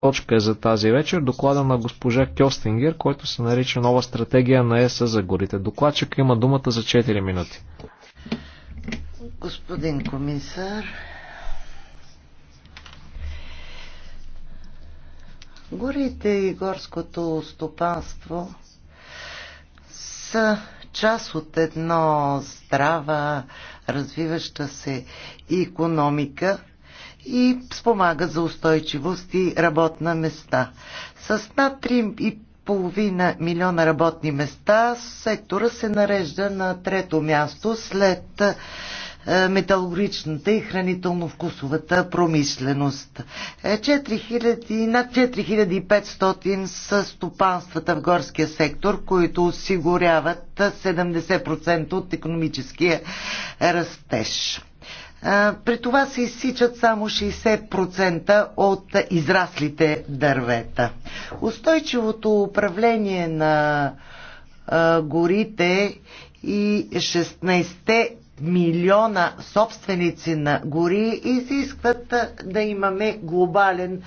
точка за тази вечер доклада на госпожа Кьостингер, който се нарича нова стратегия на ЕСА за горите. Докладчик има думата за 4 минути. Господин комисар, горите и горското стопанство са част от едно здрава, развиваща се економика, и спомага за устойчивост и работна места. С над 3,5 милиона работни места сектора се нарежда на трето място след е, металургичната и хранително-вкусовата промишленост. 4000, е, над 4500 са стопанствата в горския сектор, които осигуряват 70% от економическия растеж. При това се изсичат само 60% от израслите дървета. Устойчивото управление на горите и 16 милиона собственици на гори изискват да имаме глобален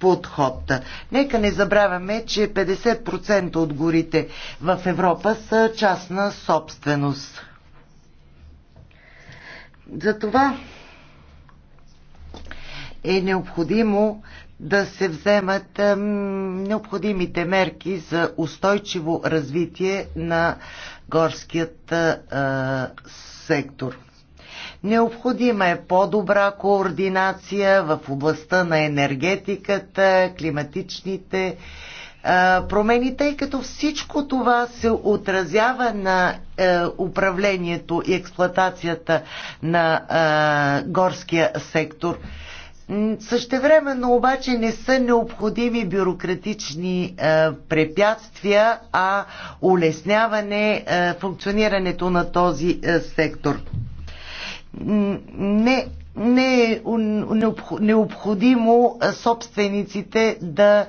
подход. Нека не забравяме, че 50% от горите в Европа са частна собственост. Затова е необходимо да се вземат необходимите мерки за устойчиво развитие на горският сектор. Необходима е по-добра координация в областта на енергетиката, климатичните промени, тъй като всичко това се отразява на е, управлението и експлоатацията на е, горския сектор. Същевременно обаче не са необходими бюрократични е, препятствия, а улесняване е, функционирането на този е, сектор. Не не е необходимо собствениците да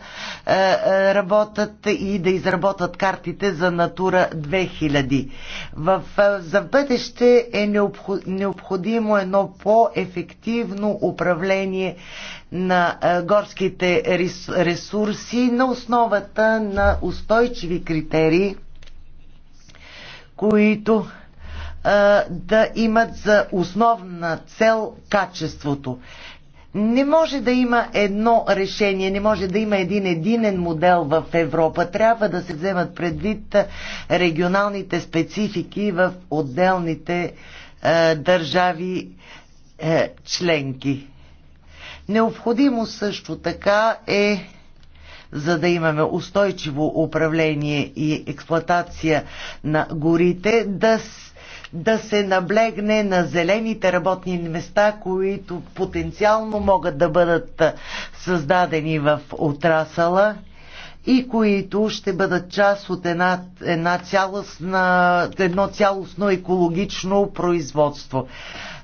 работят и да изработят картите за Натура 2000. В, за бъдеще е необходимо едно по-ефективно управление на горските ресурси на основата на устойчиви критерии, които да имат за основна цел качеството. Не може да има едно решение, не може да има един единен модел в Европа. Трябва да се вземат предвид регионалните специфики в отделните е, държави е, членки. Необходимо също така е за да имаме устойчиво управление и експлоатация на горите, да, се да се наблегне на зелените работни места, които потенциално могат да бъдат създадени в отрасала и които ще бъдат част от една, една цялостна, едно цялостно екологично производство.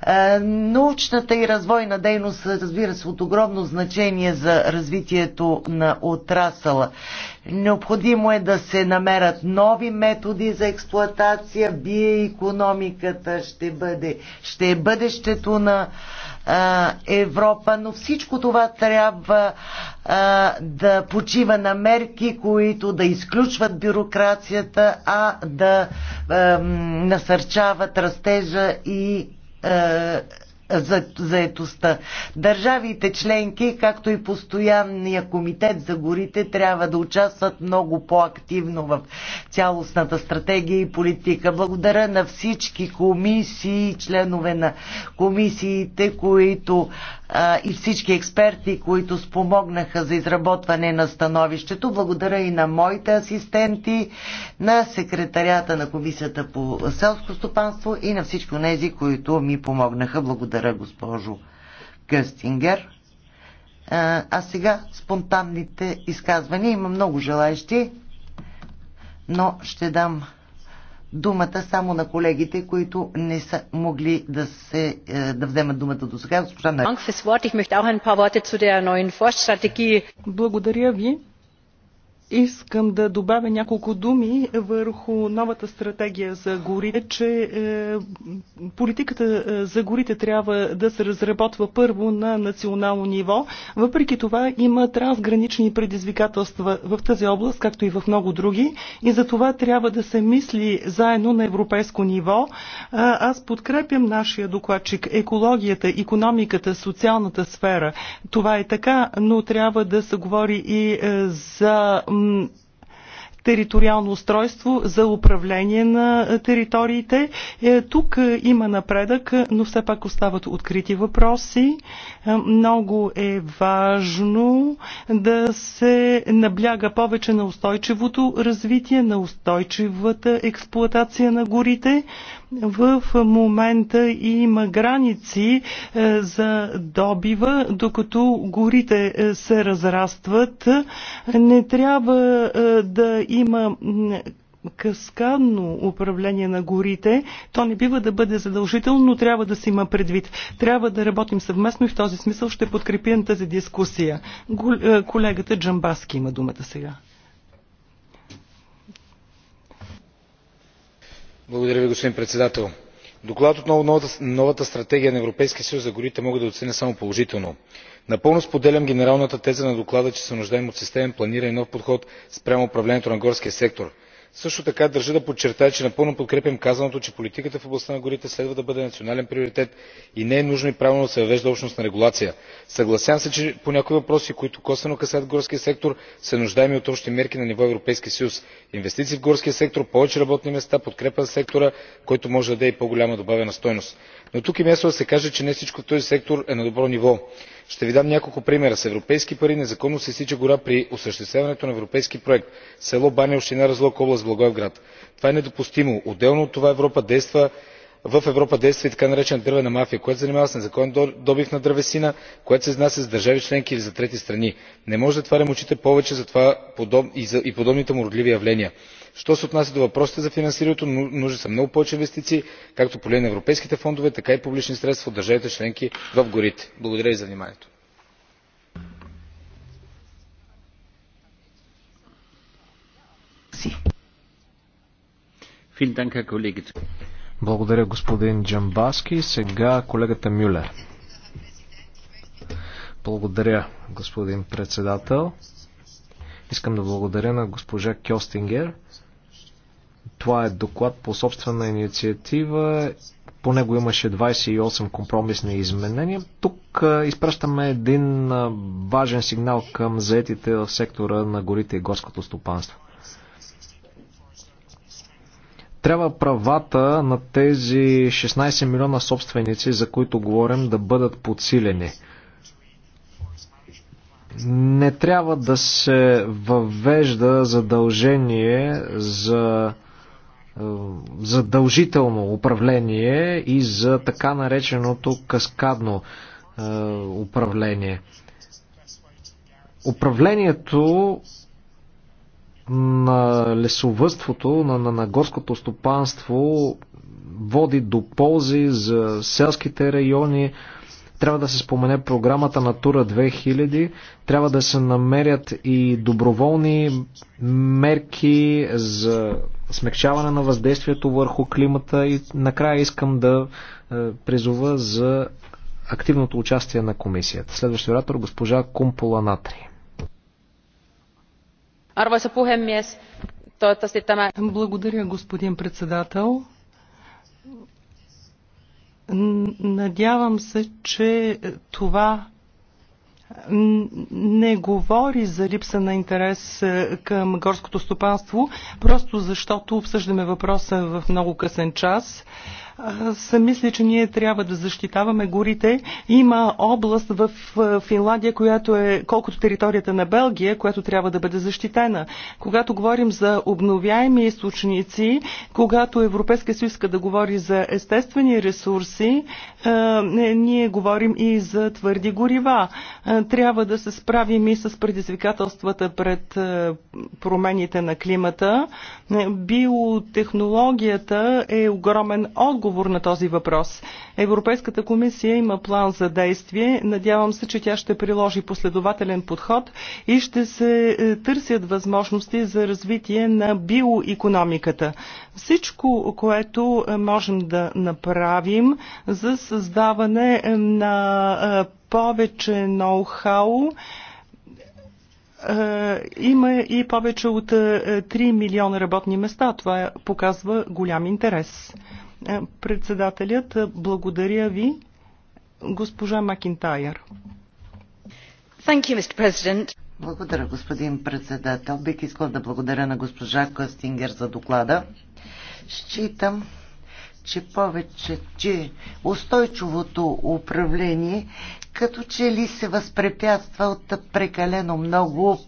Е, научната и развойна дейност, разбира се, от огромно значение за развитието на отрасъла. Необходимо е да се намерят нови методи за експлоатация. Биоекономиката ще бъде, ще е бъдещето на а, е, Европа, но всичко това трябва а, е, да почива на мерки, които да изключват бюрокрацията, а да а, насърчават растежа и е, за заетостта. Държавите членки, както и постоянния комитет за горите, трябва да участват много по-активно в цялостната стратегия и политика. Благодаря на всички комисии, членове на комисиите, които и всички експерти, които спомогнаха за изработване на становището. Благодаря и на моите асистенти, на секретарята на Комисията по селско стопанство и на всички тези, които ми помогнаха. Благодаря, госпожо Къстингер. А сега спонтанните изказвания. Има много желаящи, но ще дам думата само на колегите, които не са могли да, се, е, да вземат думата до сега. Благодаря ви. Искам да добавя няколко думи върху новата стратегия за горите, че е, политиката е, за горите трябва да се разработва първо на национално ниво. Въпреки това има трансгранични предизвикателства в тази област, както и в много други. И за това трябва да се мисли заедно на европейско ниво. Аз подкрепям нашия докладчик екологията, економиката, социалната сфера. Това е така, но трябва да се говори и е, за териториално устройство за управление на териториите. Е, тук има напредък, но все пак остават открити въпроси. Много е важно да се набляга повече на устойчивото развитие, на устойчивата експлуатация на горите. В момента има граници е, за добива, докато горите е, се разрастват. Не трябва е, да има каскадно управление на горите, то не бива да бъде задължително, но трябва да се има предвид. Трябва да работим съвместно и в този смисъл ще подкрепим тази дискусия. Е, колегата Джамбаски има думата сега. Благодаря ви, господин председател. Доклад отново новата, новата стратегия на Европейския съюз за горите мога да оценя само положително. Напълно споделям генералната теза на доклада, че се нуждаем от системен планиране и нов подход спрямо управлението на горския сектор – също така държа да подчертая че напълно подкрепям казаното че политиката в областта на горите следва да бъде национален приоритет и не е нужно и правилно да се въвежда общностна регулация. съгласявам се че по някои въпроси които косвено касаят горския сектор се нуждаем и от общи мерки на ниво европейски съюз инвестиции в горския сектор повече работни места подкрепа за сектора който може да даде и по голяма добавена стойност. но тук е мястото да се каже че не всичко в този сектор е на добро ниво ще ви дам няколко примера с европейски пари незаконно се изсича гора при осъществяването на европейски проект село баня община разлог област благоевград. това е недопустимо. отделно от това европа действа в европа действа и така наречената дървена мафия която се занимава с незаконен добив на дървесина която се изнася за държави членки или за трети страни. не можем да затваряме очите повече за това и подобните му уродливи явления. що се отнася до въпросите за финансирането нужни са много повече инвестиции както по линия на европейските фондове така и публични средства от държавите членки в горите. благодаря ви за вниманието. Благодаря господин Джамбаски. Сега колегата Мюлер. Благодаря господин председател. Искам да благодаря на госпожа Кьостингер. Това е доклад по собствена инициатива. По него имаше 28 компромисни изменения. Тук изпращаме един важен сигнал към заетите в сектора на горите и горското стопанство. Трябва правата на тези 16 милиона собственици, за които говорим, да бъдат подсилени. Не трябва да се въвежда задължение за е, задължително управление и за така нареченото каскадно е, управление. Управлението на лесовътството, на, на, на горското стопанство води до ползи за селските райони. Трябва да се спомене програмата Натура 2000, трябва да се намерят и доброволни мерки за смягчаване на въздействието върху климата и накрая искам да е, призова за активното участие на комисията. Следващия оратор госпожа Кумпола Натрия. Arvoisa puhemies, toivottavasti tämä... Благодаря, господин председател. Надявам се, че това не говори за липса на интерес е, към горското стопанство, просто защото обсъждаме въпроса в много късен час. Аз мисля, че ние трябва да защитаваме горите. Има област в Финландия, която е колкото територията на Белгия, която трябва да бъде защитена. Когато говорим за обновяеми източници, когато Европейска съюз да говори за естествени ресурси, ние говорим и за твърди горива. Трябва да се справим и с предизвикателствата пред промените на климата. Биотехнологията е огромен отговор отговор на този въпрос. Европейската комисия има план за действие. Надявам се, че тя ще приложи последователен подход и ще се е, търсят възможности за развитие на биоекономиката. Всичко, което е, можем да направим за създаване е, на повече ноу-хау, има и повече от 3 милиона работни места. Това показва голям интерес. Е, председателят, е, благодаря ви. Госпожа Макинтайер. You, благодаря, господин председател. Бих искал да благодаря на госпожа Костингер за доклада. Считам, че повече, че устойчивото управление като че ли се възпрепятства от прекалено много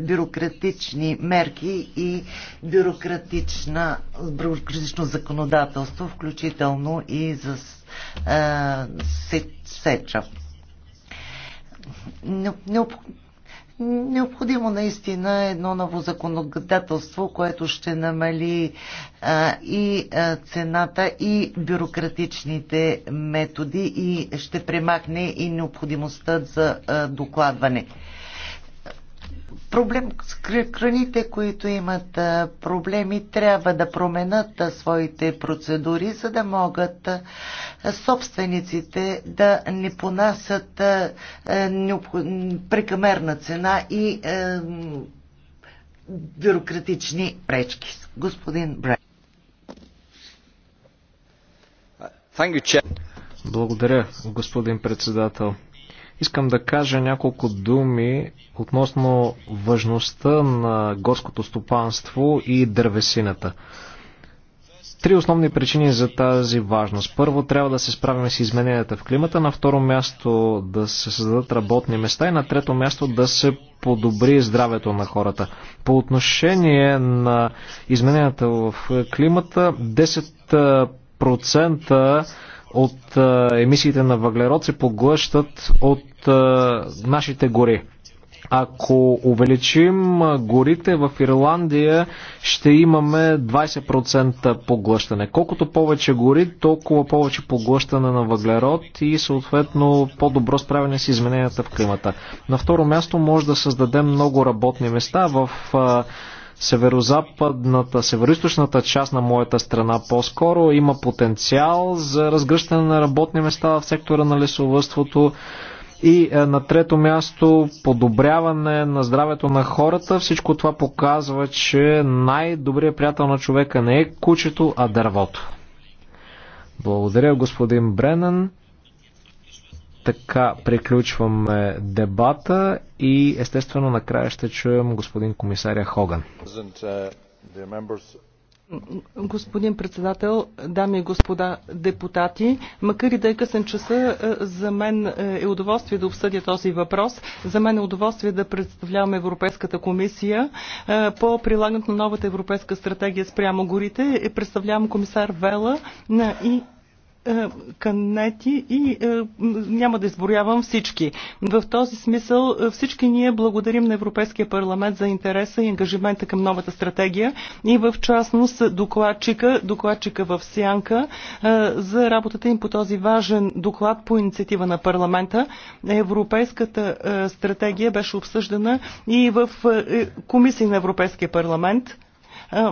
бюрократични мерки и бюрократична, бюрократично законодателство, включително и за е, сеча. Необ, необходимо наистина едно ново законодателство, което ще намали а, и а, цената, и бюрократичните методи и ще премахне и необходимостта за а, докладване проблем, Храните, които имат проблеми, трябва да променят своите процедури, за да могат собствениците да не понасят прекамерна цена и бюрократични пречки. Господин Брай. Благодаря, господин председател. Искам да кажа няколко думи относно важността на горското стопанство и дървесината. Три основни причини за тази важност. Първо, трябва да се справим с измененията в климата, на второ място да се създадат работни места и на трето място да се подобри здравето на хората. По отношение на измененията в климата, 10% от е, емисиите на въглерод се поглъщат от е, нашите гори. Ако увеличим е, горите в Ирландия, ще имаме 20% поглъщане. Колкото повече гори, толкова повече поглъщане на въглерод и съответно по-добро справяне с измененията в климата. На второ място може да създадем много работни места в северо-западната, северо част на моята страна по-скоро има потенциал за разгръщане на работни места в сектора на лесовътството. И е, на трето място подобряване на здравето на хората. Всичко това показва, че най-добрият приятел на човека не е кучето, а дървото. Благодаря, господин Бренен така приключваме дебата и естествено накрая ще чуем господин комисаря Хоган. Господин председател, дами и господа депутати, макар и да е късен часа, за мен е удоволствие да обсъдя този въпрос. За мен е удоволствие да представлявам Европейската комисия по прилагането на новата европейска стратегия спрямо горите. Представлявам комисар Вела на и е, канети и е, няма да изборявам всички. В този смисъл е, всички ние благодарим на Европейския парламент за интереса и ангажимента към новата стратегия и в частност докладчика, докладчика в Сянка е, за работата им по този важен доклад по инициатива на парламента. Европейската е, стратегия беше обсъждана и в е, комисии на Европейския парламент. Е,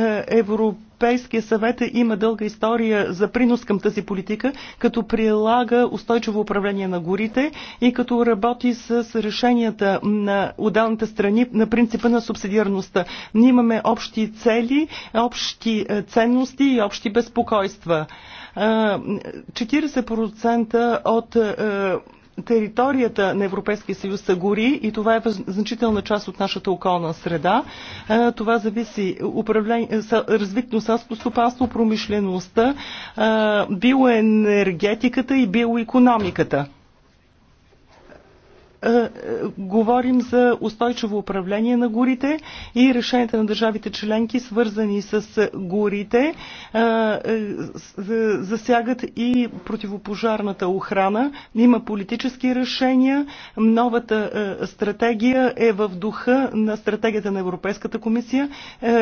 е, Европ Европейския съвет има дълга история за принос към тази политика, като прилага устойчиво управление на горите и като работи с решенията на отдалните страни на принципа на субсидиарността. Ние имаме общи цели, общи е, ценности и общи безпокойства. 40% е, от е, територията на Европейския съюз са гори и това е значителна част от нашата околна среда. Това зависи е, развитно селско стопанство, промишлеността, биоенергетиката и биоекономиката. Е, е, говорим за устойчиво управление на горите и решенията на държавите членки, свързани с горите, е, засягат и противопожарната охрана. Има политически решения. Новата стратегия е в духа на стратегията на Европейската комисия.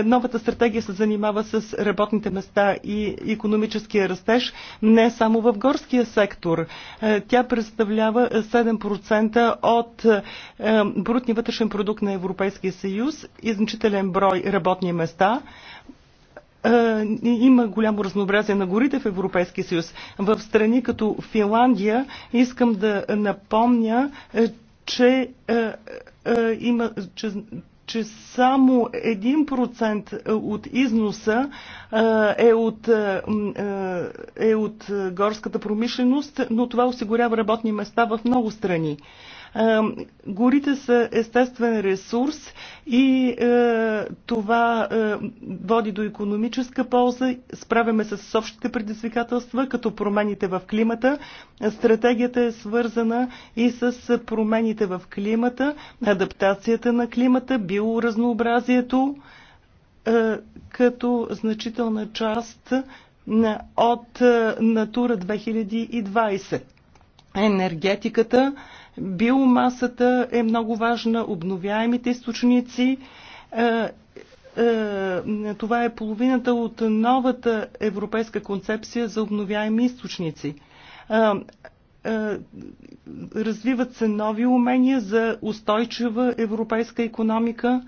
Новата стратегия се занимава с работните места и економическия растеж не само в горския сектор. Тя представлява 7% от от е, брутния вътрешен продукт на Европейския съюз и значителен брой работни места е, има голямо разнообразие на горите в Европейския съюз. В страни като Финландия искам да напомня, е, че, има, че, че само 1% от износа е от, е от горската промишленост, но това осигурява работни места в много страни. Е, горите са естествен ресурс и е, това е, води до економическа полза. Справяме се с общите предизвикателства, като промените в климата. Стратегията е свързана и с промените в климата, адаптацията на климата, биоразнообразието като значителна част от Натура 2020. Енергетиката Биомасата е много важна, обновяемите източници. Е, е, това е половината от новата европейска концепция за обновяеми източници е, развиват се нови умения за устойчива европейска економика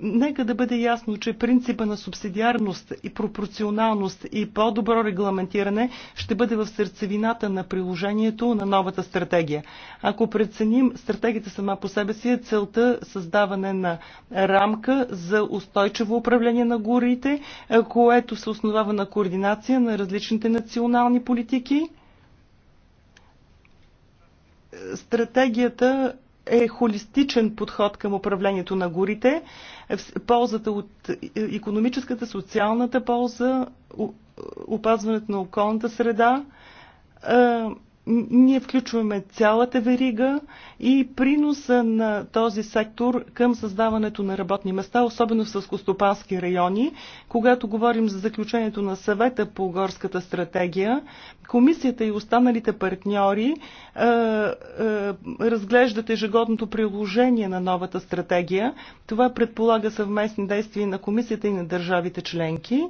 нека да бъде ясно, че принципа на субсидиарност и пропорционалност и по-добро регламентиране ще бъде в сърцевината на приложението на новата стратегия. Ако преценим стратегията сама по себе си е целта създаване на рамка за устойчиво управление на горите, е, което се основава на координация на различните национални политики. Стратегията е холистичен подход към управлението на горите, ползата от економическата, социалната полза, е, опазването на околната среда, е, ние включваме цялата верига и приноса на този сектор към създаването на работни места, особено в сълскостопански райони. Когато говорим за заключението на съвета по горската стратегия, комисията и останалите партньори е, е, разглеждат ежегодното приложение на новата стратегия. Това предполага съвместни действия на комисията и на държавите членки.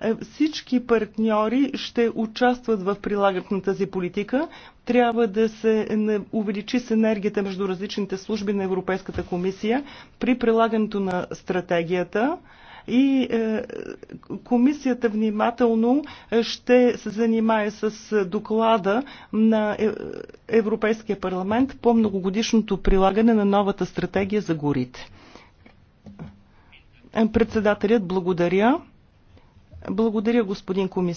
Е, всички партньори ще участват в прилагането на тази политика. Трябва да се увеличи синергията между различните служби на Европейската комисия при прилагането на стратегията и е, комисията внимателно е, ще се занимае с доклада на е, Европейския парламент по многогодишното прилагане на новата стратегия за горите. Председателят благодаря. Благодаря, господин комисар.